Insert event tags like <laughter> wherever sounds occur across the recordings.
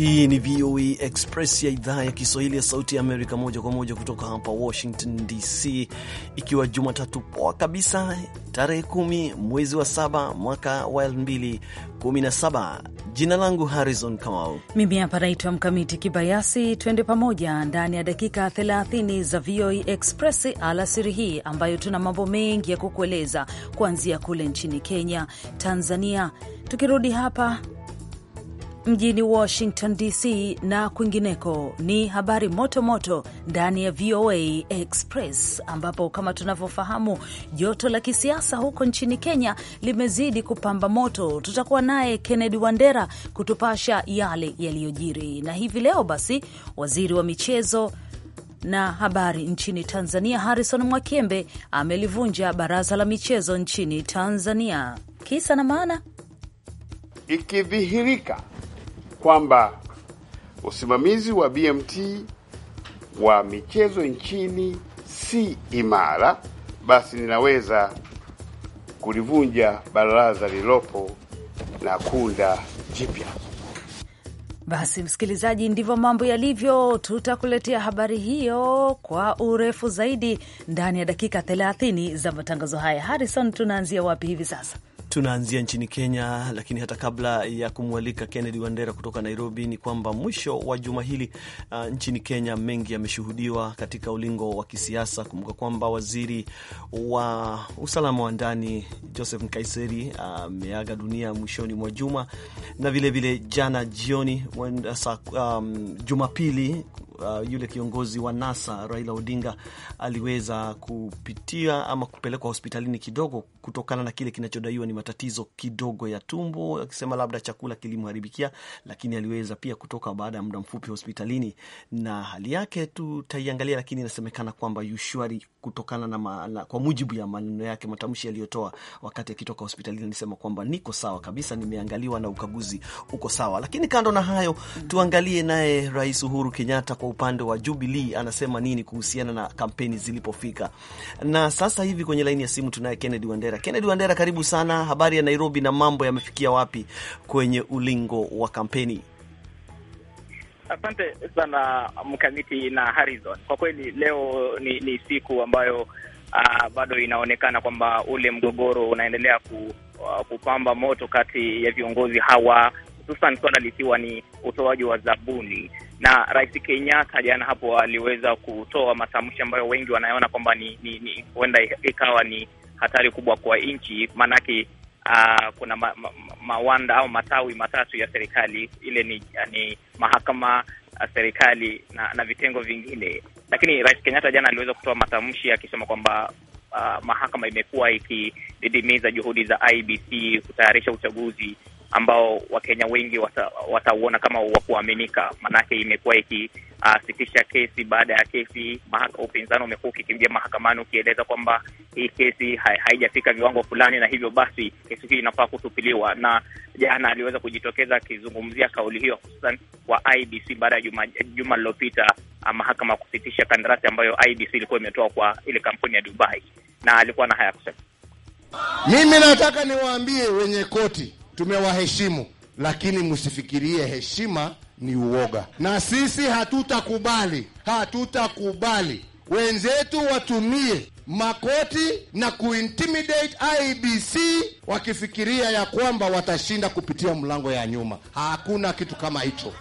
Hii ni VOA e Express ya idhaa ya Kiswahili ya Sauti ya Amerika, moja kwa moja kutoka hapa Washington DC, ikiwa Jumatatu poa kabisa tarehe kumi mwezi wa saba mwaka wa elfu mbili kumi na saba. Jina langu Harrison Kamau, mimi hapa naitwa Mkamiti Kibayasi. Twende pamoja ndani ya dakika 30 za VOA e Express alasiri hii, ambayo tuna mambo mengi ya kukueleza kuanzia kule nchini Kenya, Tanzania, tukirudi hapa mjini Washington DC na kwingineko ni habari moto moto ndani ya VOA Express, ambapo kama tunavyofahamu joto la kisiasa huko nchini Kenya limezidi kupamba moto. Tutakuwa naye Kennedy Wandera kutupasha yale yaliyojiri. Na hivi leo basi, waziri wa michezo na habari nchini Tanzania Harrison mwakembe amelivunja baraza la michezo nchini Tanzania. Kisa na maana ikidhihirika kwamba usimamizi wa BMT wa michezo nchini si imara, basi ninaweza kulivunja baraza lililopo na kunda jipya. Basi msikilizaji, ndivyo mambo yalivyo. Tutakuletea habari hiyo kwa urefu zaidi ndani ya dakika 30 za matangazo haya. Harrison, tunaanzia wapi hivi sasa? Tunaanzia nchini Kenya, lakini hata kabla ya kumwalika Kennedy Wandera kutoka Nairobi, ni kwamba mwisho wa juma hili uh, nchini Kenya mengi yameshuhudiwa katika ulingo wa kisiasa. Kumbuka kwamba waziri wa usalama wa ndani Joseph Nkaiseri ameaga uh, dunia mwishoni mwa juma, na vilevile vile jana jioni um, Jumapili uh, yule kiongozi wa NASA Raila Odinga aliweza kupitia ama kupelekwa hospitalini kidogo kutokana na kile kinachodaiwa ni matatizo kidogo ya tumbo, akisema labda chakula kilimharibikia, lakini aliweza pia kutoka baada ya muda mfupi hospitalini na hali yake tutaiangalia, lakini inasemekana kwamba yushwari kutokana na, ma, na kwa mujibu ya maneno yake matamshi aliyotoa wakati akitoka hospitalini, alisema kwamba niko sawa kabisa, nimeangaliwa na ukaguzi uko sawa. Lakini kando na hayo, tuangalie naye Rais Uhuru Kenyatta kwa upande wa Jubilee anasema nini kuhusiana na kampeni zilipofika. Na sasa hivi kwenye laini ya simu tunaye Kennedy Wandera. Kennedy Wandera, karibu sana. Habari ya Nairobi na mambo yamefikia wapi kwenye ulingo wa kampeni? Asante sana Mkamiti na Harrison. Kwa kweli leo ni, ni siku ambayo uh, bado inaonekana kwamba ule mgogoro unaendelea ku, uh, kupamba moto kati ya viongozi hawa, hususan swala likiwa ni utoaji wa zabuni na Rais Kenyatta jana hapo aliweza kutoa matamshi ambayo wengi wanaona kwamba ni, ni, ni huenda ikawa ni hatari kubwa kwa nchi maanake Uh, kuna ma, ma, mawanda au matawi matatu ya serikali ile ni, ni mahakama ah, serikali na, na vitengo vingine, lakini Rais Kenyatta jana aliweza kutoa matamshi akisema kwamba uh, mahakama imekuwa ikididimiza juhudi za IBC kutayarisha uchaguzi ambao Wakenya wengi watauona wata kama wa kuaminika, maanake imekuwa ikisitisha ah, uh, kesi baada ya kesi. Upinzani umekuwa ukikimbia mahakamani ukieleza kwamba hii kesi haijafika viwango fulani, na hivyo basi kesi hii inafaa kutupiliwa. Na jana aliweza kujitokeza akizungumzia kauli hiyo, hususan kwa IBC baada ya juma juma lilopita uh, ah, mahakama kusitisha kandarasi ambayo IBC ilikuwa imetoa kwa ile kampuni ya Dubai, na alikuwa na haya kusema: mimi nataka niwaambie wenye koti tumewaheshimu, lakini msifikirie heshima ni uoga, na sisi hatutakubali, hatutakubali wenzetu watumie makoti na kuintimidate IBC wakifikiria ya kwamba watashinda kupitia mlango ya nyuma. Hakuna kitu kama hicho.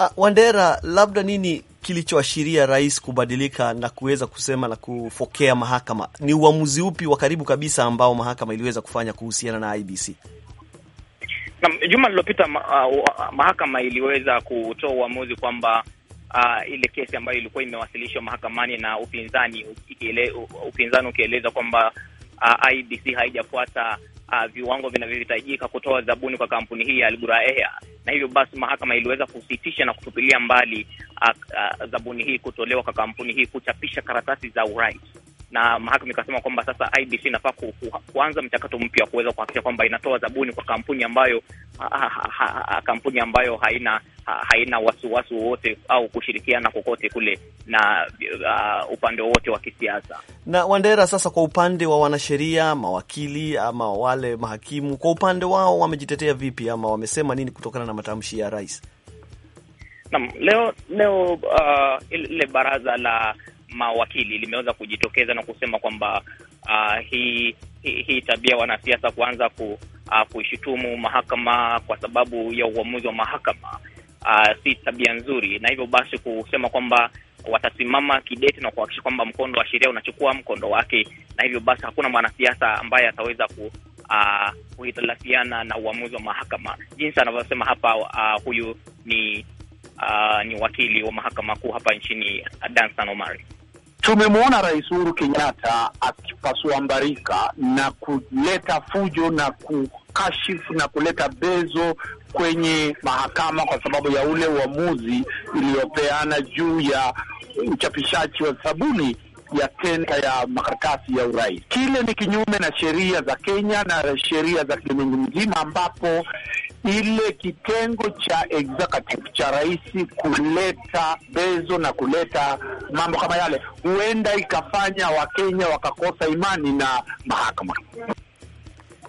Ah, Wandera, labda nini kilichoashiria rais kubadilika na kuweza kusema na kufokea mahakama? Ni uamuzi upi wa karibu kabisa ambao mahakama iliweza kufanya kuhusiana na IBC? Na juma lililopita ma, uh, mahakama iliweza kutoa uamuzi kwamba uh, ile kesi ambayo ilikuwa imewasilishwa mahakamani na upinzani ukiele, upinzani ukieleza kwamba uh, IBC haijafuata uh, viwango vinavyohitajika kutoa zabuni kwa kampuni hii ya Al na hivyo basi mahakama iliweza kusitisha na kutupilia mbali uh, uh, zabuni hii kutolewa kwa kampuni hii kuchapisha karatasi za urais na mahakama ikasema kwamba sasa IBC inafaa ku, ku, kuanza mchakato mpya wa kuweza kuhakikisha kwamba inatoa zabuni kwa kampuni ambayo ha, ha, ha, kampuni ambayo haina ha, haina wasiwasi wowote au kushirikiana kokote kule na uh, upande wowote wa kisiasa. Na Wandera, sasa kwa upande wa wanasheria, mawakili ama wale mahakimu, kwa upande wao wamejitetea vipi ama wamesema nini kutokana na matamshi ya rais? Naam, leo leo uh, ile baraza la mawakili limeweza kujitokeza na kusema kwamba uh, hii hi, hi tabia wanasiasa kuanza ku, uh, kuishutumu mahakama kwa sababu ya uamuzi wa mahakama uh, si tabia nzuri, na hivyo basi kusema kwamba watasimama kidete na kuhakikisha kwamba mkondo wa sheria unachukua mkondo wake, na hivyo basi hakuna mwanasiasa ambaye ataweza ku uh, kuhitilafiana na uamuzi wa mahakama jinsi anavyosema hapa. Uh, huyu ni uh, ni wakili wa mahakama kuu hapa nchini Danstan Omari. Tumemwona Rais Uhuru Kenyatta akipasua mbarika na kuleta fujo na kukashifu na kuleta bezo kwenye mahakama kwa sababu ya ule uamuzi iliyopeana juu ya uchapishaji wa sabuni ya tenda ya makaratasi ya urais. Kile ni kinyume na sheria za Kenya na sheria za ulimwengu mzima ambapo ile kitengo cha executive cha rais kuleta bezo na kuleta mambo kama yale, huenda ikafanya Wakenya wakakosa imani na mahakama.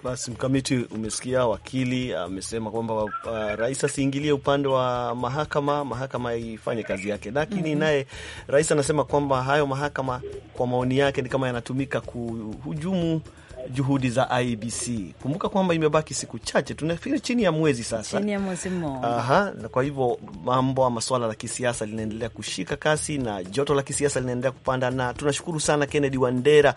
Basi mkamiti, umesikia wakili ah, amesema kwamba uh, rais asiingilie upande wa mahakama, mahakama ifanye kazi yake, lakini mm -hmm. naye rais anasema kwamba hayo mahakama kwa maoni yake ni kama yanatumika kuhujumu juhudi za IBC. Kumbuka kwamba imebaki siku chache, tunafikiri chini ya mwezi sasa, chini ya mwezi mmoja. Aha, na kwa hivyo mambo ama swala la kisiasa linaendelea kushika kasi na joto la kisiasa linaendelea kupanda, na tunashukuru sana Kennedy Wandera.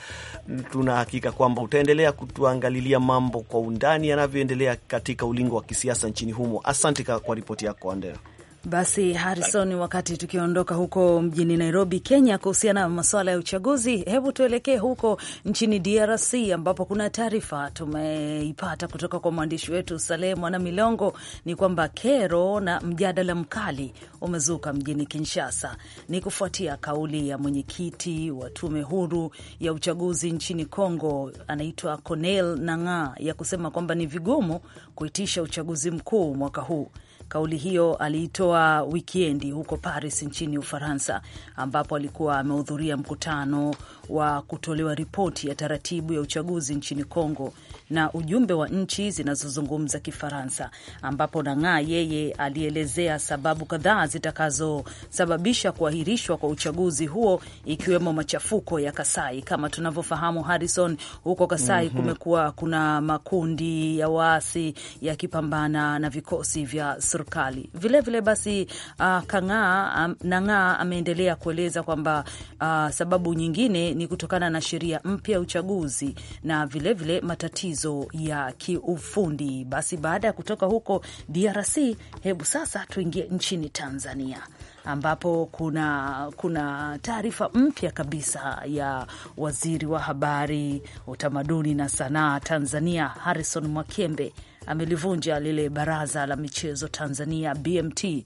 Tuna hakika kwamba utaendelea kutuangalilia mambo kwa undani yanavyoendelea katika ulingo wa kisiasa nchini humo. Asante kwa ripoti yako Wandera. Basi Harrison, wakati tukiondoka huko mjini Nairobi, Kenya, kuhusiana na masuala ya uchaguzi, hebu tuelekee huko nchini DRC ambapo kuna taarifa tumeipata kutoka kwa mwandishi wetu Saleh Mwana Milongo ni kwamba kero na mjadala mkali umezuka mjini Kinshasa. Ni kufuatia kauli ya mwenyekiti wa tume huru ya uchaguzi nchini Congo, anaitwa Corneille Nangaa, ya kusema kwamba ni vigumu kuitisha uchaguzi mkuu mwaka huu. Kauli hiyo aliitoa wikendi huko Paris nchini Ufaransa, ambapo alikuwa amehudhuria mkutano wa kutolewa ripoti ya taratibu ya uchaguzi nchini Kongo na ujumbe wa nchi zinazozungumza Kifaransa, ambapo nangaa yeye alielezea sababu kadhaa zitakazosababisha kuahirishwa kwa uchaguzi huo, ikiwemo machafuko ya Kasai. Kama tunavyofahamu, Harrison, huko Kasai mm -hmm. kumekuwa kuna makundi ya waasi yakipambana na vikosi vya serikali. Vilevile basi uh, ah, Kang'aa um, Nang'aa ameendelea kueleza kwamba uh, sababu nyingine ni kutokana na sheria mpya ya uchaguzi na vilevile vile matatizo ya kiufundi. Basi baada ya kutoka huko DRC, hebu sasa tuingie nchini Tanzania ambapo kuna, kuna taarifa mpya kabisa ya waziri wa habari, utamaduni na sanaa Tanzania Harrison Mwakembe amelivunja lile baraza la michezo Tanzania BMT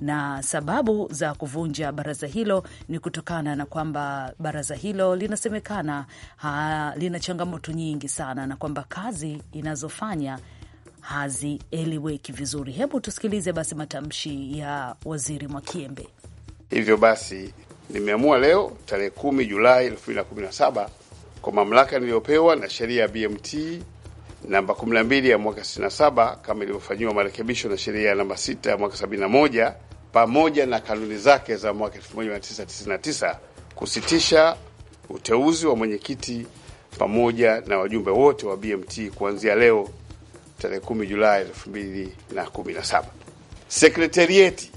na sababu za kuvunja baraza hilo ni kutokana na kwamba baraza hilo linasemekana lina changamoto nyingi sana na kwamba kazi inazofanya hazieleweki vizuri. Hebu tusikilize basi matamshi ya Waziri Mwakiembe. Hivyo basi nimeamua leo tarehe 1 Julai 217 kwa mamlaka niliyopewa na sheria ya BMT namba 12 ya mwaka 67 kama ilivyofanyiwa marekebisho na sheria ya namba 6 ya mwaka 71 pamoja na kanuni zake za mwaka 1999 kusitisha uteuzi wa mwenyekiti pamoja na wajumbe wote wa BMT kuanzia leo tarehe 10 Julai 2017. Sekretarieti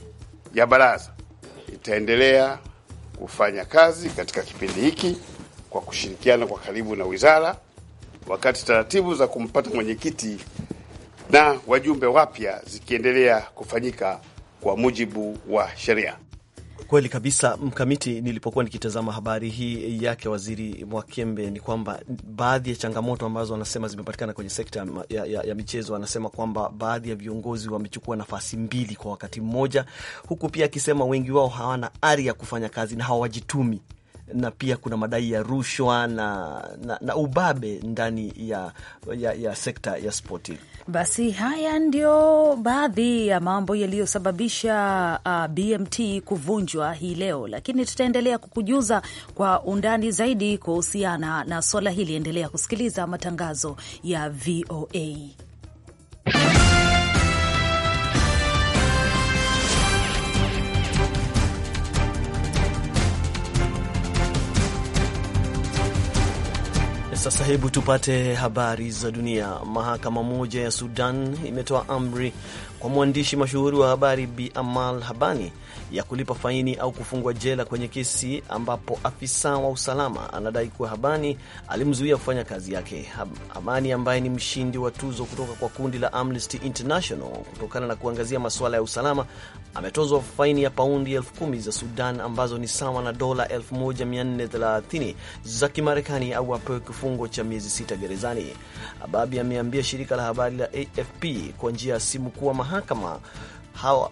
ya baraza itaendelea kufanya kazi katika kipindi hiki kwa kushirikiana kwa karibu na wizara wakati taratibu za kumpata mwenyekiti na wajumbe wapya zikiendelea kufanyika kwa mujibu wa sheria. Kweli kabisa, Mkamiti. Nilipokuwa nikitazama habari hii yake Waziri Mwakembe, ni kwamba baadhi ya changamoto ambazo wanasema zimepatikana kwenye sekta ya, ya, ya michezo, anasema kwamba baadhi ya viongozi wamechukua nafasi mbili kwa wakati mmoja, huku pia akisema wengi wao hawana ari ya kufanya kazi na hawajitumi na pia kuna madai ya rushwa na, na, na ubabe ndani ya, ya, ya sekta ya spoti. Basi haya ndio baadhi ya mambo yaliyosababisha uh, BMT kuvunjwa hii leo, lakini tutaendelea kukujuza kwa undani zaidi kuhusiana na swala hili. Endelea kusikiliza matangazo ya VOA. Sasa hebu tupate habari za dunia. Mahakama moja ya Sudan imetoa amri kwa mwandishi mashuhuri wa habari Bi Amal Habani ya kulipa faini au kufungwa jela kwenye kesi ambapo afisa wa usalama anadai kuwa Habani alimzuia kufanya kazi yake. Habani ambaye ni mshindi wa tuzo kutoka kwa kundi la Amnesty International kutokana na kuangazia masuala ya usalama ametozwa faini ya paundi elfu kumi za Sudan ambazo ni sawa na dola 1430 za Kimarekani au apewe kifungo cha miezi sita gerezani. Ababi ameambia shirika la habari la AFP kwa njia ya simu kuwa mahali mahakama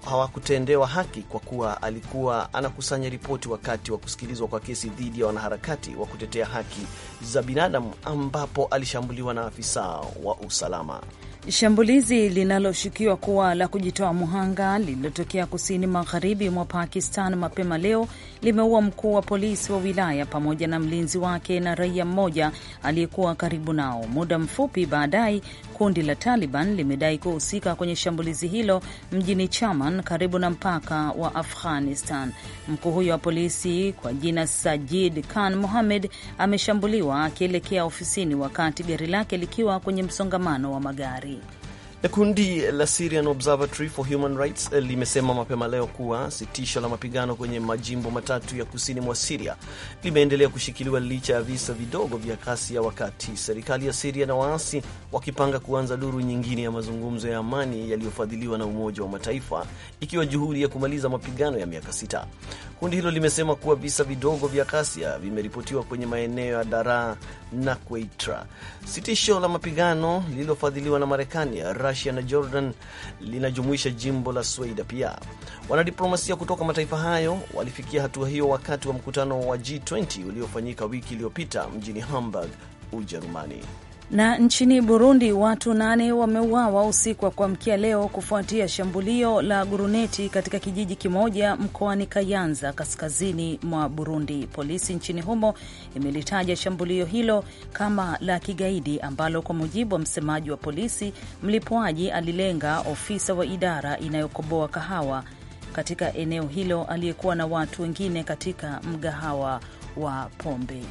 hawakutendewa hawa haki kwa kuwa alikuwa anakusanya ripoti wakati wa kusikilizwa kwa kesi dhidi ya wanaharakati wa kutetea haki za binadamu ambapo alishambuliwa na afisa wa usalama. Shambulizi linaloshukiwa kuwa la kujitoa muhanga lililotokea kusini magharibi mwa Pakistan mapema leo limeua mkuu wa polisi wa wilaya pamoja na mlinzi wake na raia mmoja aliyekuwa karibu nao. Muda mfupi baadaye, kundi la Taliban limedai kuhusika kwenye shambulizi hilo mjini Chaman, karibu na mpaka wa Afghanistan. Mkuu huyo wa polisi kwa jina Sajid Khan Mohammed ameshambuliwa akielekea ofisini wakati gari lake likiwa kwenye msongamano wa magari. Kundi la Syrian Observatory for Human Rights eh, limesema mapema leo kuwa sitisho la mapigano kwenye majimbo matatu ya kusini mwa Siria limeendelea kushikiliwa licha ya visa vidogo vya kasi ya wakati serikali ya Siria na waasi wakipanga kuanza duru nyingine ya mazungumzo ya amani yaliyofadhiliwa na Umoja wa Mataifa, ikiwa juhudi ya kumaliza mapigano ya miaka sita. Kundi hilo limesema kuwa visa vidogo vya kasia vimeripotiwa kwenye maeneo ya Daraa na Queitra. Sitisho la mapigano lililofadhiliwa na Marekani Russia na Jordan linajumuisha jimbo la Sweida pia. Wanadiplomasia kutoka mataifa hayo walifikia hatua hiyo wakati wa mkutano wa G20 uliofanyika wiki iliyopita mjini Hamburg, Ujerumani. Na nchini Burundi watu nane wameuawa usiku wa kuamkia leo kufuatia shambulio la guruneti katika kijiji kimoja mkoani Kayanza kaskazini mwa Burundi. Polisi nchini humo imelitaja shambulio hilo kama la kigaidi ambalo kwa mujibu wa msemaji wa polisi, mlipuaji alilenga ofisa wa idara inayokoboa kahawa katika eneo hilo aliyekuwa na watu wengine katika mgahawa wa pombe.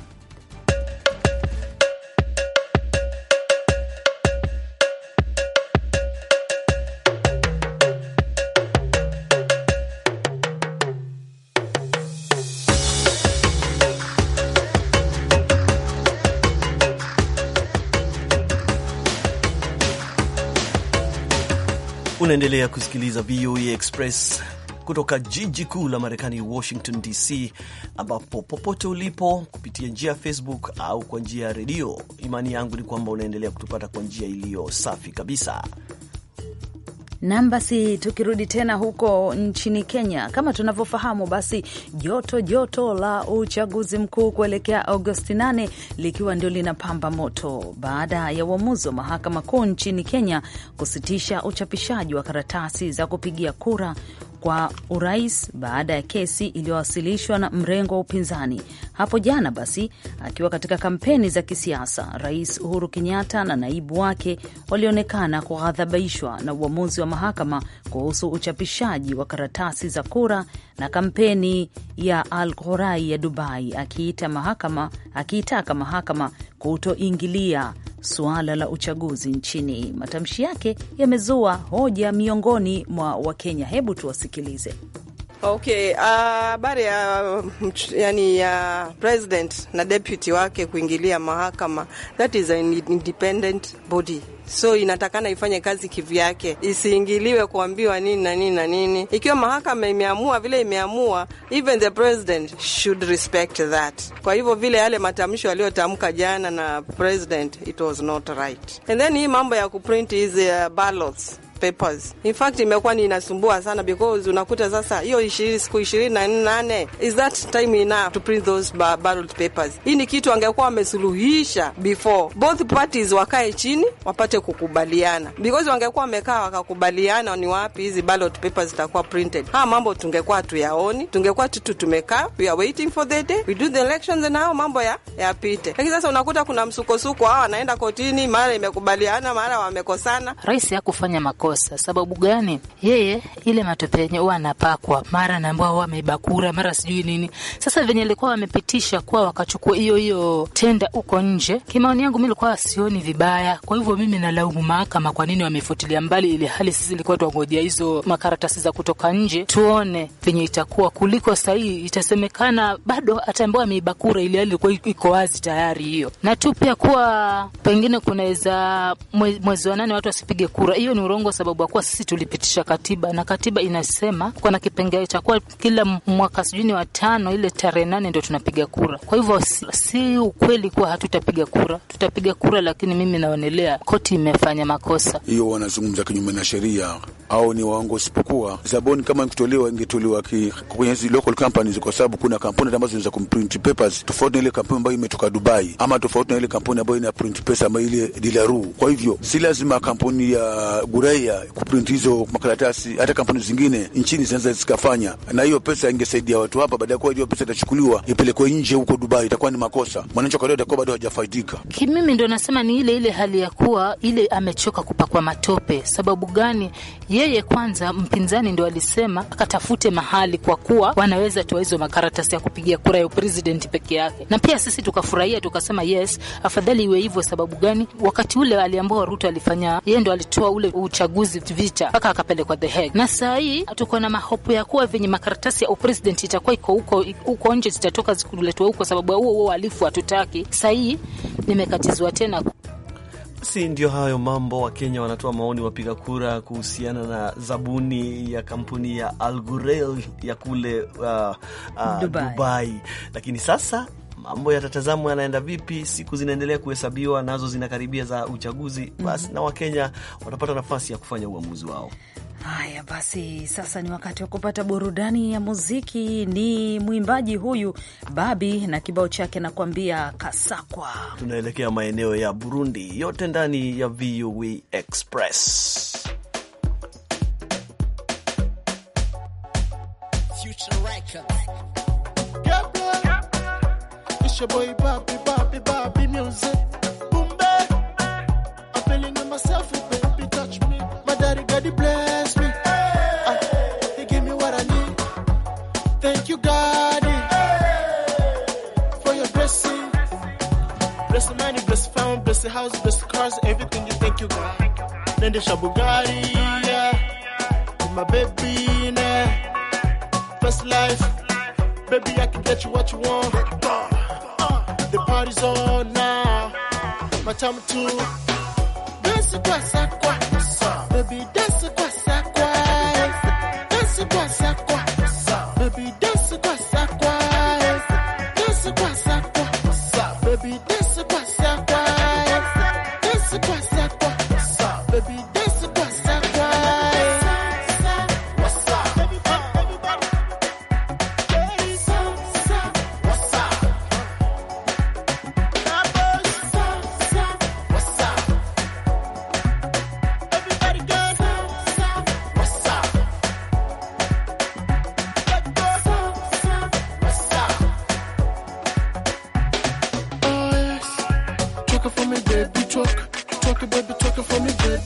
Unaendelea kusikiliza VOA e Express kutoka jiji kuu la Marekani, Washington DC, ambapo popote ulipo kupitia njia ya Facebook au kwa njia ya redio, imani yangu ni kwamba unaendelea kutupata kwa njia iliyo safi kabisa nam. Basi tukirudi tena huko nchini Kenya, kama tunavyofahamu, basi joto joto la uchaguzi mkuu kuelekea Agosti 8 likiwa ndio linapamba moto baada ya uamuzi wa mahakama kuu nchini Kenya kusitisha uchapishaji wa karatasi za kupigia kura kwa urais baada ya kesi iliyowasilishwa na mrengo wa upinzani hapo jana. Basi akiwa katika kampeni za kisiasa, Rais Uhuru Kenyatta na naibu wake walionekana kughadhabishwa na uamuzi wa mahakama kuhusu uchapishaji wa karatasi za kura na kampeni ya Al Ghurai ya Dubai, akiita mahakama akiitaka mahakama kutoingilia suala la uchaguzi nchini. Matamshi yake yamezua hoja miongoni mwa Wakenya. Hebu tuwasikilize. Okay, uh, habari uh, ya uh, yani ya uh, president na deputy wake kuingilia mahakama, that is an independent body so inatakana ifanye kazi kivyake, isiingiliwe kuambiwa nini na nini na nini. Ikiwa mahakama imeamua vile imeamua, even the president should respect that. Kwa hivyo vile yale matamshi aliyotamka jana na president, it was not right. And then hii mambo ya kuprint hizi uh, ballots papers. In fact imekuwa ni inasumbua sana because unakuta sasa hiyo ishirini siku ishirini na nane is that time enough to print those bar papers? Hii ni kitu angekuwa wamesuluhisha before both parties wakae chini wapate kukubaliana, because wangekuwa wamekaa wakakubaliana ni wapi hizi ballot papers zitakuwa printed, haya mambo tungekuwa tuyaoni, tungekuwa tutu tumekaa, we are waiting for the day we do the elections, and hao mambo ya yapite. Lakini sasa unakuta kuna msukosuko, hawa wanaenda kotini, mara imekubaliana, mara wamekosana. Rais hakufanya makosa kukosa. Sababu gani? Yeye ile matope yenye huwa anapakwa, mara naambiwa wamebakura, mara sijui nini. Sasa venye ilikuwa wamepitisha kwa wakachukua hiyo hiyo tenda huko nje, kimaoni yangu mimi nilikuwa sioni vibaya. Kwa hivyo mimi nalaumu mahakama kwa nini wamefutilia mbali ile hali, sisi ilikuwa tuangojea hizo makaratasi za kutoka nje tuone venye itakuwa, kuliko sahii itasemekana bado ataambiwa ameibakura, ile hali ilikuwa iko wazi tayari hiyo. Na tu pia kuwa pengine kunaweza mwezi wa nane watu wasipige kura, hiyo ni urongo sababu akuwa sisi tulipitisha katiba na katiba inasema kuwa na kipengele cha kuwa kila mwaka sijui ni watano, ile tarehe nane ndio tunapiga kura. Kwa hivyo si, si ukweli kuwa hatutapiga kura, tutapiga kura, lakini mimi naonelea koti imefanya makosa. Hiyo wanazungumza kinyume na sheria au ni waongo, isipokuwa zaboni kama ingetolewa ingetolewa kwenye hizi local companies, kwa sababu kuna kampuni ambazo zinaweza kumprint papers tofauti na ile kampuni ambayo imetoka Dubai ama tofauti na ile kampuni ambayo ina print pesa ama ile Dilaru. Kwa hivyo si lazima kampuni ya Gurai Nigeria kuprint hizo makaratasi, hata kampuni zingine nchini zinaweza zikafanya, na hiyo pesa ingesaidia watu hapa. Baada ya kuwa hiyo pesa itachukuliwa ipelekwe nje huko Dubai, itakuwa ni makosa. Mwananchi wa kawaida atakuwa bado hajafaidika. Kimimi ndo nasema ni ile ile hali ya kuwa ile amechoka kupakwa matope. Sababu gani? Yeye kwanza, mpinzani ndo alisema akatafute mahali, kwa kuwa wanaweza toa hizo makaratasi ya kupigia kura ya president peke yake, na pia sisi tukafurahia tukasema yes, afadhali iwe hivyo. Sababu gani? Wakati ule aliambiwa Ruto alifanya yeye ndo alitoa ule uchagu uchaguzi vita mpaka akapelekwa The Hague, na saa hii tuko na mahopu ya kuwa venye makaratasi ya upresident itakuwa iko huko huko nje, zitatoka zikuletwa huko, sababu huo huo uhalifu hatutaki. Saa hii nimekatizwa tena si ndio? Hayo mambo. Wakenya wanatoa maoni, wapiga kura kuhusiana na zabuni ya kampuni ya Algurel ya kule uh, uh, Dubai. Dubai, lakini sasa mambo yatatazamwa yanaenda vipi, siku zinaendelea kuhesabiwa, nazo zinakaribia za uchaguzi, mhm. basi mm -hmm. na Wakenya watapata nafasi ya kufanya uamuzi wao. Haya basi, sasa ni wakati wa kupata burudani ya muziki. Ni mwimbaji huyu Babi na kibao chake nakuambia Kasakwa. Tunaelekea maeneo ya Burundi, yote ndani ya VOA Express Future your boy Bobby, Bobby, Bobby music. Boom, babe. I'm feeling in myself, baby touch me. My daddy, God, bless me. Uh, he gave me what I need. Thank you, God, for your blessing. Bless the money, bless the family, bless the house, bless the cars, everything you thank you, God. Then the Shabugari, yeah. my baby, nah. First life, baby, I can get you what you want. The party's on now. My time to dance kwa sakwa. Baby, dance kwa sakwa. Dance kwa sakwa. for me,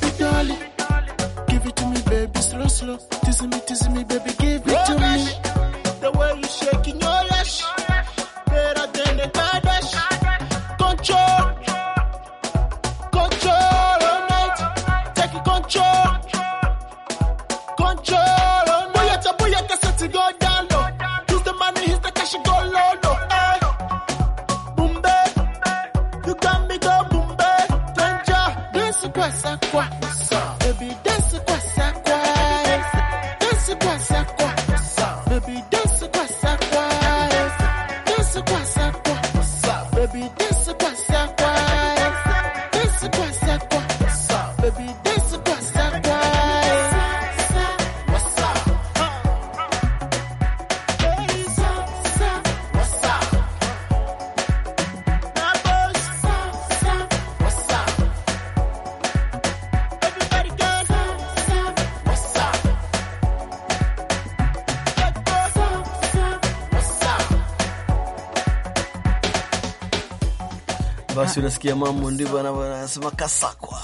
basi unasikia mambo ndivyo anasema Kasakwa,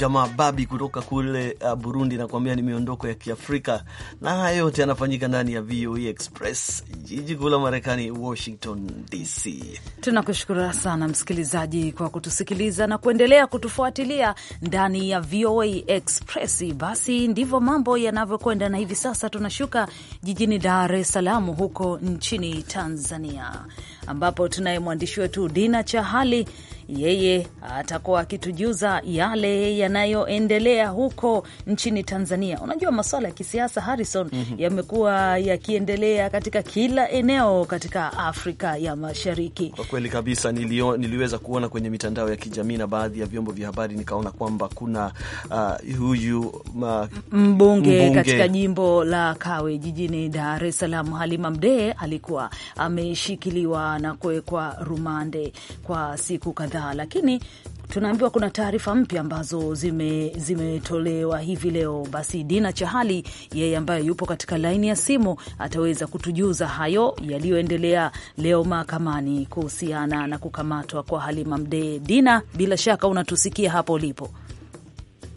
jamaa babi kutoka kule uh, Burundi, nakuambia ni miondoko ya Kiafrika, na haya yote yanafanyika ndani ya VOA e Express, jiji kuu la Marekani, Washington DC. Tunakushukuru sana msikilizaji kwa kutusikiliza na kuendelea kutufuatilia ndani ya VOA e Express. Basi ndivyo mambo yanavyokwenda, na hivi sasa tunashuka jijini Dar es Salaam huko nchini Tanzania, ambapo tunaye mwandishi wetu Dina Chahali yeye atakuwa akitujuza yale yanayoendelea huko nchini Tanzania. Unajua masuala ya kisiasa Harrison, mm -hmm. yamekuwa yakiendelea katika kila eneo katika Afrika ya Mashariki. Kwa kweli kabisa, nilio, niliweza kuona kwenye mitandao ya kijamii na baadhi ya vyombo vya habari, nikaona kwamba kuna uh, huyu ma, mbunge, mbunge katika jimbo la Kawe jijini Dar es Salaam, Halima Mdee alikuwa ameshikiliwa na kuwekwa rumande kwa siku kadhaa kadhaa, lakini tunaambiwa kuna taarifa mpya ambazo zimetolewa zime hivi leo. Basi Dina Chahali yeye ambaye yupo katika laini ya simu ataweza kutujuza hayo yaliyoendelea leo mahakamani kuhusiana na kukamatwa kwa Halima Mdee. Dina, bila shaka unatusikia hapo ulipo?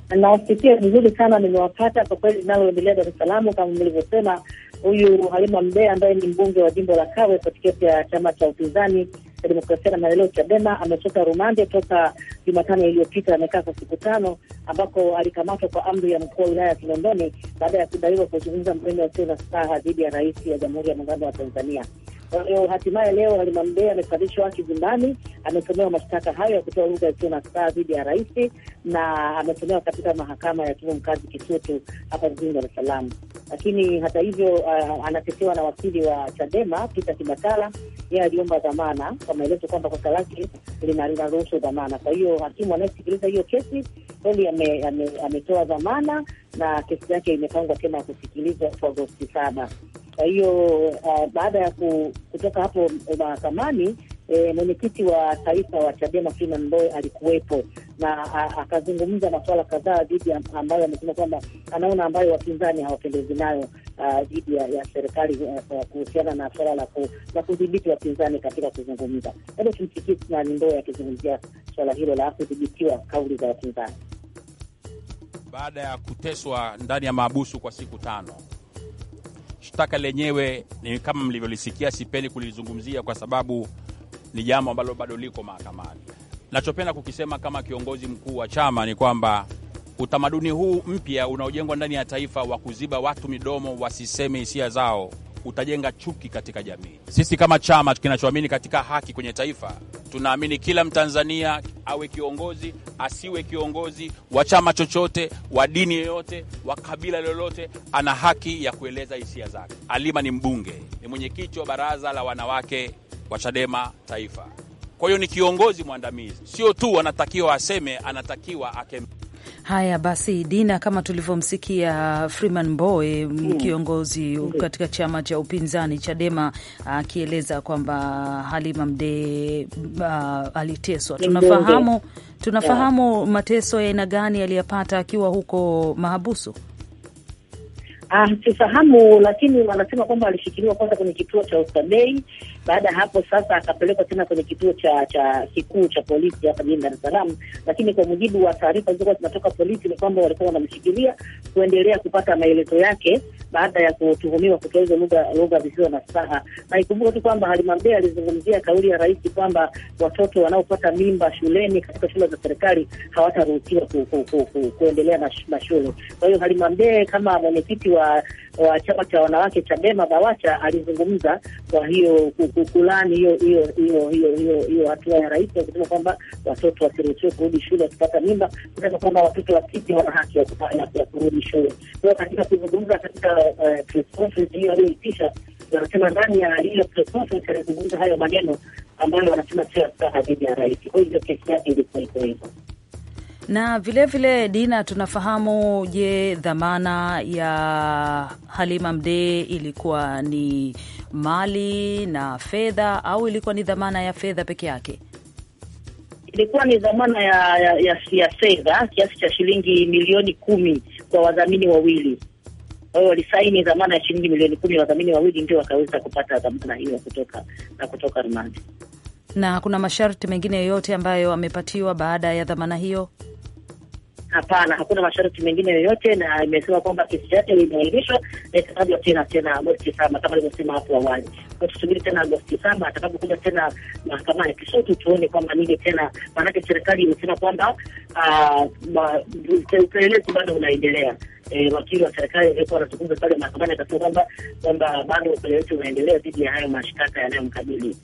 Nawasikia vizuri sana, nimewapata kwa kweli. Linaloendelea Dar es Salaam kama mlivyosema, huyu Halima Mdee ambaye ni mbunge wa jimbo la Kawe kwa tiketi ya chama cha upinzani Demokrasia na Maendeleo, Chadema, ametoka rumande toka Jumatano iliyopita. Amekaa kwa siku tano, ambako alikamatwa kwa amri ya mkuu wa wilaya ya Kinondoni baada ya kudaiwa kuzungumza mwenendo usio na staha dhidi ya rais ya Jamhuri ya Muungano wa Tanzania. Kwa hiyo hatimaye leo Halima Mdee amefikishwa kizimbani, amesomewa mashtaka hayo ya kutoa lugha isiyo na staha dhidi ya rais na amesomewa katika mahakama ya hakimu mkazi Kisutu hapa jijini Dar es Salaam. Lakini hata hivyo, uh, anatetewa na wakili wa Chadema Peter Kibatala. Yeye aliomba dhamana kwa maelezo kwamba kosa lake linaruhusu dhamana. Kwa hiyo hakimu anayesikiliza hiyo kesi kweli ametoa dhamana na kesi yake imepangwa tena kusikilizwa Agosti saba. Kwa hiyo uh, baada ya kutoka hapo mahakamani uh, e, mwenyekiti wa taifa wa Chadema Freeman Mbowe alikuwepo na akazungumza masuala kadhaa dhidi ambayo amesema kwamba anaona ambayo wapinzani hawapendezi nayo dhidi ya, ya serikali e, kuhusiana na suala la la kudhibiti wapinzani katika kuzungumza. Hebu tumsikie Freeman Mbowe akizungumzia suala hilo la kudhibitiwa kauli za wapinzani baada ya kuteswa ndani ya maabusu kwa siku tano. Shtaka lenyewe ni kama mlivyolisikia, sipendi kulizungumzia kwa sababu ni jambo ambalo bado liko mahakamani. Nachopenda kukisema kama kiongozi mkuu wa chama ni kwamba utamaduni huu mpya unaojengwa ndani ya taifa wa kuziba watu midomo wasiseme hisia zao utajenga chuki katika jamii. Sisi kama chama kinachoamini katika haki kwenye taifa, tunaamini kila Mtanzania awe kiongozi, asiwe kiongozi, wa chama chochote, wa dini yoyote, wa kabila lolote, ana haki ya kueleza hisia zake. Alima ni mbunge, ni mwenyekiti wa baraza la wanawake wa Chadema Taifa. Kwa hiyo ni kiongozi mwandamizi, sio tu anatakiwa aseme, anatakiwa akeme. Haya basi, Dina, kama tulivyomsikia Freeman Mbowe, mm, mm. kiongozi mm. katika chama cha upinzani Chadema, akieleza kwamba Halima Mdee uh, aliteswa. Tunafahamu, tunafahamu ah. mateso ya aina gani aliyapata akiwa huko mahabusu. Ah, tufahamu, lakini wanasema kwamba alishikiliwa kwanza kwenye kituo cha Oysterbay baada ya hapo sasa akapelekwa tena kwenye kituo cha cha kikuu cha polisi hapa jijini Dar es Salaam, lakini kwa mujibu wa taarifa zilizokuwa zinatoka polisi ni kwamba walikuwa wanamshikilia kuendelea kupata maelezo yake baada ya kutuhumiwa kutoa lugha lugha zisizo na staha. Na ikumbuke tu kwamba Halima Mdee alizungumzia kauli ya rais kwamba watoto wanaopata mimba shuleni katika shule za serikali hawataruhusiwa ku, ku, ku, ku, kuendelea na, na shule. Kwa hiyo Halima Mdee kama mwenyekiti wa wa chama cha wanawake Chadema BAWACHA alizungumza kwa hiyo kukulaani hiyo hiyo hiyo hiyo hiyo hiyo hatua ya rais wakisema kwamba watoto wasiruhusiwe kurudi shule wakipata mimba, kusema kwamba watoto wa kike wana haki ya kurudi shule. Kwa hiyo katika kuzungumza katika eh, press conference hiyo aliyoitisha, wanasema ndani ya hiyo press conference alizungumza hayo maneno ambayo wanasema sio sahihi dhidi ya rais. Kwa hiyo kesi yake ilikuwa iko hivyo na vilevile vile, Dina, tunafahamu je, dhamana ya Halima Mdee ilikuwa ni mali na fedha au ilikuwa ni dhamana ya fedha peke yake? Ilikuwa ni dhamana ya, ya, ya, ya fedha kiasi cha shilingi milioni kumi kwa wadhamini wawili. Kwa hiyo walisaini dhamana ya shilingi milioni kumi, wadhamini wawili ndio wakaweza kupata dhamana hiyo kutoka na kutoka rumandi. Na kuna masharti mengine yoyote ambayo amepatiwa baada ya dhamana hiyo? Hapana, hakuna masharti mengine yoyote, na imesema kwamba kesi yake imeahirishwa na itatangazwa tena tena Agosti saba kama alivyosema hapo awali. Kwa tusubiri tena Agosti saba atakapokuja tena mahakamani Kisutu, tuone kwamba nini tena, maanake serikali imesema kwamba ah, upelelezi bado unaendelea. E, wakili wa serikali aliyekuwa anazungumza pale mahakamani akasema kwamba kwamba bado upelelezi unaendelea dhidi ya hayo mashtaka yanayomkabili.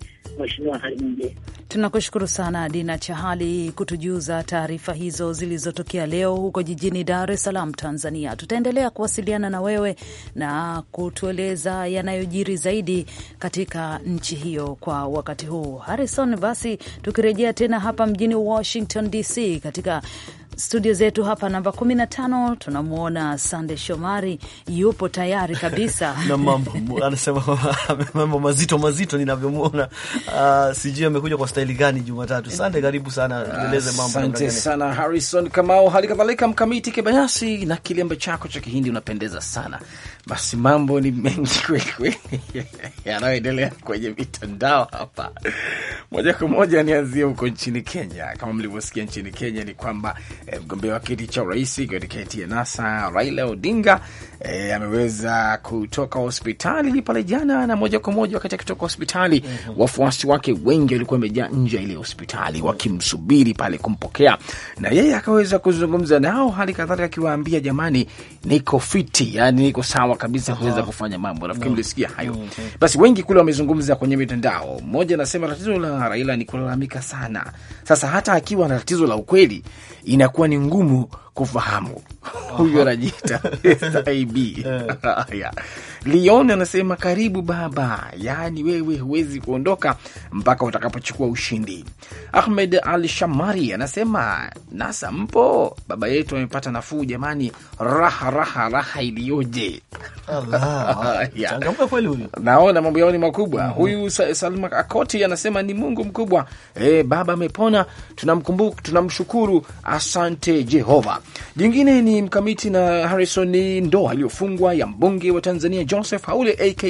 Mheshimiwa Hadija. Tunakushukuru sana Dina Chahali kutujuza taarifa hizo zilizotokea leo huko jijini Dar es Salaam, Tanzania. Tutaendelea kuwasiliana na wewe na kutueleza yanayojiri zaidi katika nchi hiyo kwa wakati huu. Harrison, basi tukirejea tena hapa mjini Washington DC katika studio zetu hapa namba 15 tunamwona Sande Shomari yupo tayari kabisa <laughs> na mambo anasema <laughs> mambo mazito mazito ninavyomwona. Uh, ah, sijui amekuja kwa staili gani Jumatatu. Sande, karibu sana, eleze mambo. Asante sana Harrison Kamau, hali kadhalika Mkamiti Kibayasi, na kilembe chako cha Kihindi unapendeza sana. Basi mambo ni mengi kwelikweli <laughs> yanayoendelea kwenye mitandao hapa moja kwa moja nianzie huko nchini Kenya. Kama mlivyosikia, nchini Kenya ni kwamba eh, mgombea wa kiti cha urais katika tiketi ya NASA Raila Odinga eh, ameweza kutoka hospitali pale jana, na moja kwa moja wakati akitoka hospitali mm -hmm. wafuasi wake wengi walikuwa wamejaa nje ya ile hospitali wakimsubiri pale kumpokea, na yeye akaweza kuzungumza nao, hali kadhalika akiwaambia jamani, niko fiti, yani niko sawa kabisa kuweza kufanya mambo. Nafikiri mlisikia hayo. Mhm. Basi wengi kule wamezungumza kwenye mitandao, mmoja anasema tatizo la Raila, ni kulalamika sana. Sasa hata akiwa na tatizo la ukweli, inakuwa ni ngumu kufahamu huyu anajiita SIB. lion <laughs> eh. Leon anasema karibu baba, yaani wewe huwezi kuondoka mpaka utakapochukua ushindi. Ahmed Al Shamari anasema NASA mpo, baba yetu amepata nafuu jamani, raha raha raha iliyoje! changamka kweli huyu, naona mambo yao ni makubwa. mm -hmm. Huyu Salma Akoti anasema ni Mungu mkubwa. E, baba amepona, tunamkumbuka, tunamshukuru, asante Jehova. Jingine ni mkamiti na Harrison, ndoa aliyofungwa ya mbunge wa Tanzania Joseph Haule aka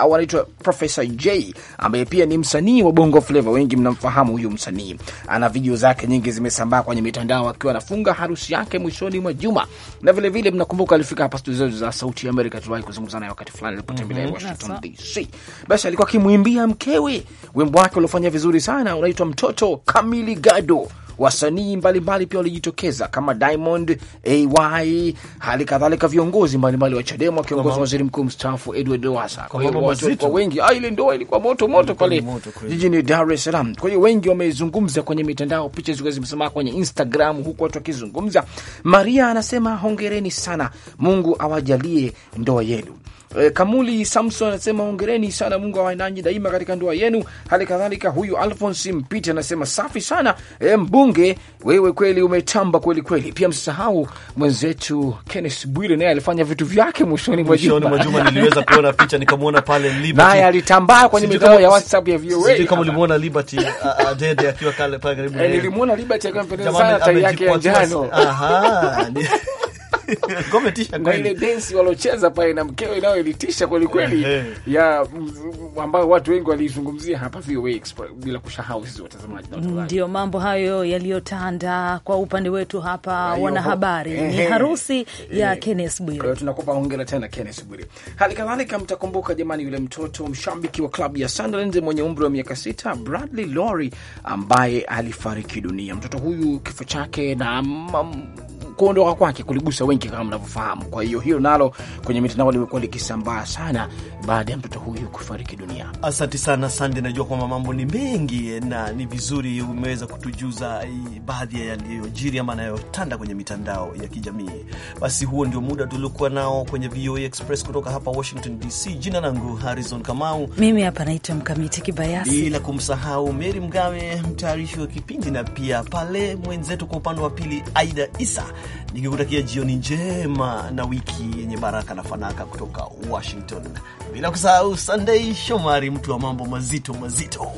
au anaitwa Professor J ambaye pia ni msanii wa Bongo Flava. Wengi mnamfahamu huyu msanii, ana video zake nyingi zimesambaa kwenye mitandao akiwa anafunga harusi yake mwishoni mwa juma, na vilevile mnakumbuka alifika hapa studio za Sauti ya Amerika tu aliwahi kuzungumza naye wakati fulani alipotembelea mm -hmm. Washington DC. Basi alikuwa akimwimbia mkewe wimbo wake uliofanya vizuri sana unaitwa mtoto Kamili Gado wasanii mbalimbali pia walijitokeza kama Diamond, AY, hali kadhalika viongozi mbalimbali wa Chadema wakiongozwa waziri mkuu mstaafu Edward Lowassa. Kwa hiyo watu walikuwa wengi, ah, ile ndoa ilikuwa moto moto pale jijini Dar es Salaam. Kwa hiyo wengi wamezungumza kwenye mitandao, picha zilikuwa zimesema kwenye Instagram, huku watu wakizungumza. Maria anasema hongereni sana, Mungu awajalie ndoa yenu. Eh, Kamuli Samson anasema hongereni sana, Mungu awe nanyi daima katika ndoa yenu. Hali kadhalika huyu Alphonse Mpite anasema safi sana e, mbunge wewe kweli umetamba kweli kweli. Pia msisahau mwenzetu Kenneth Bwire, naye alifanya vitu vyake mwishoni mwa juma. Niliweza kuona picha nikamwona pale Liberty, naye alitambaa kwenye mitandao ya WhatsApp ya VOA. Sijui kama ulimwona Liberty uh, uh, Adede akiwa kale pale karibu, eh, nilimwona Liberty akiwa mpendeza sana tai yake ya njano. Aha. <laughs> <laughs> na ile densi walocheza pale na mkeo inayoilitisha kweli kweli, ya mm, ambayo watu wengi walizungumzia hapa VOA Express, bila kusahau sisi watazamaji. Ndio mambo hayo yaliyotanda kwa upande wetu hapa wanahabari. Ni harusi ya Kenneth Bwire. Kwa tunakupa hongera tena Kenneth Bwire. Hali kadhalika mtakumbuka jamani, yule mtoto mshabiki wa klabu ya Sunderland mwenye umri wa miaka sita Bradley Lowry ambaye alifariki dunia. Mtoto huyu kifo chake na kuondoka kwake kuligusa wengi kama mnavyofahamu. Kwa hiyo hilo nalo kwenye mitandao limekuwa likisambaa sana baada ya mtoto huyu kufariki dunia. Asante sana Sande, najua kwamba mambo ni mengi na ni vizuri umeweza kutujuza eh, baadhi ya yaliyojiri ama anayotanda kwenye mitandao ya kijamii. Basi huo ndio muda tuliokuwa nao kwenye VOA Express kutoka hapa Washington DC. Jina langu Harrison Kamau, mimi hapa naitwa Mkamiti Kibayasi, bila kumsahau Meri Mgawe, mtayarishi wa kipindi na pia pale mwenzetu kwa upande wa pili Aida Isa nikikutakia jioni njema na wiki yenye baraka na fanaka kutoka Washington, bila kusahau Sunday Shomari, mtu wa mambo mazito mazito.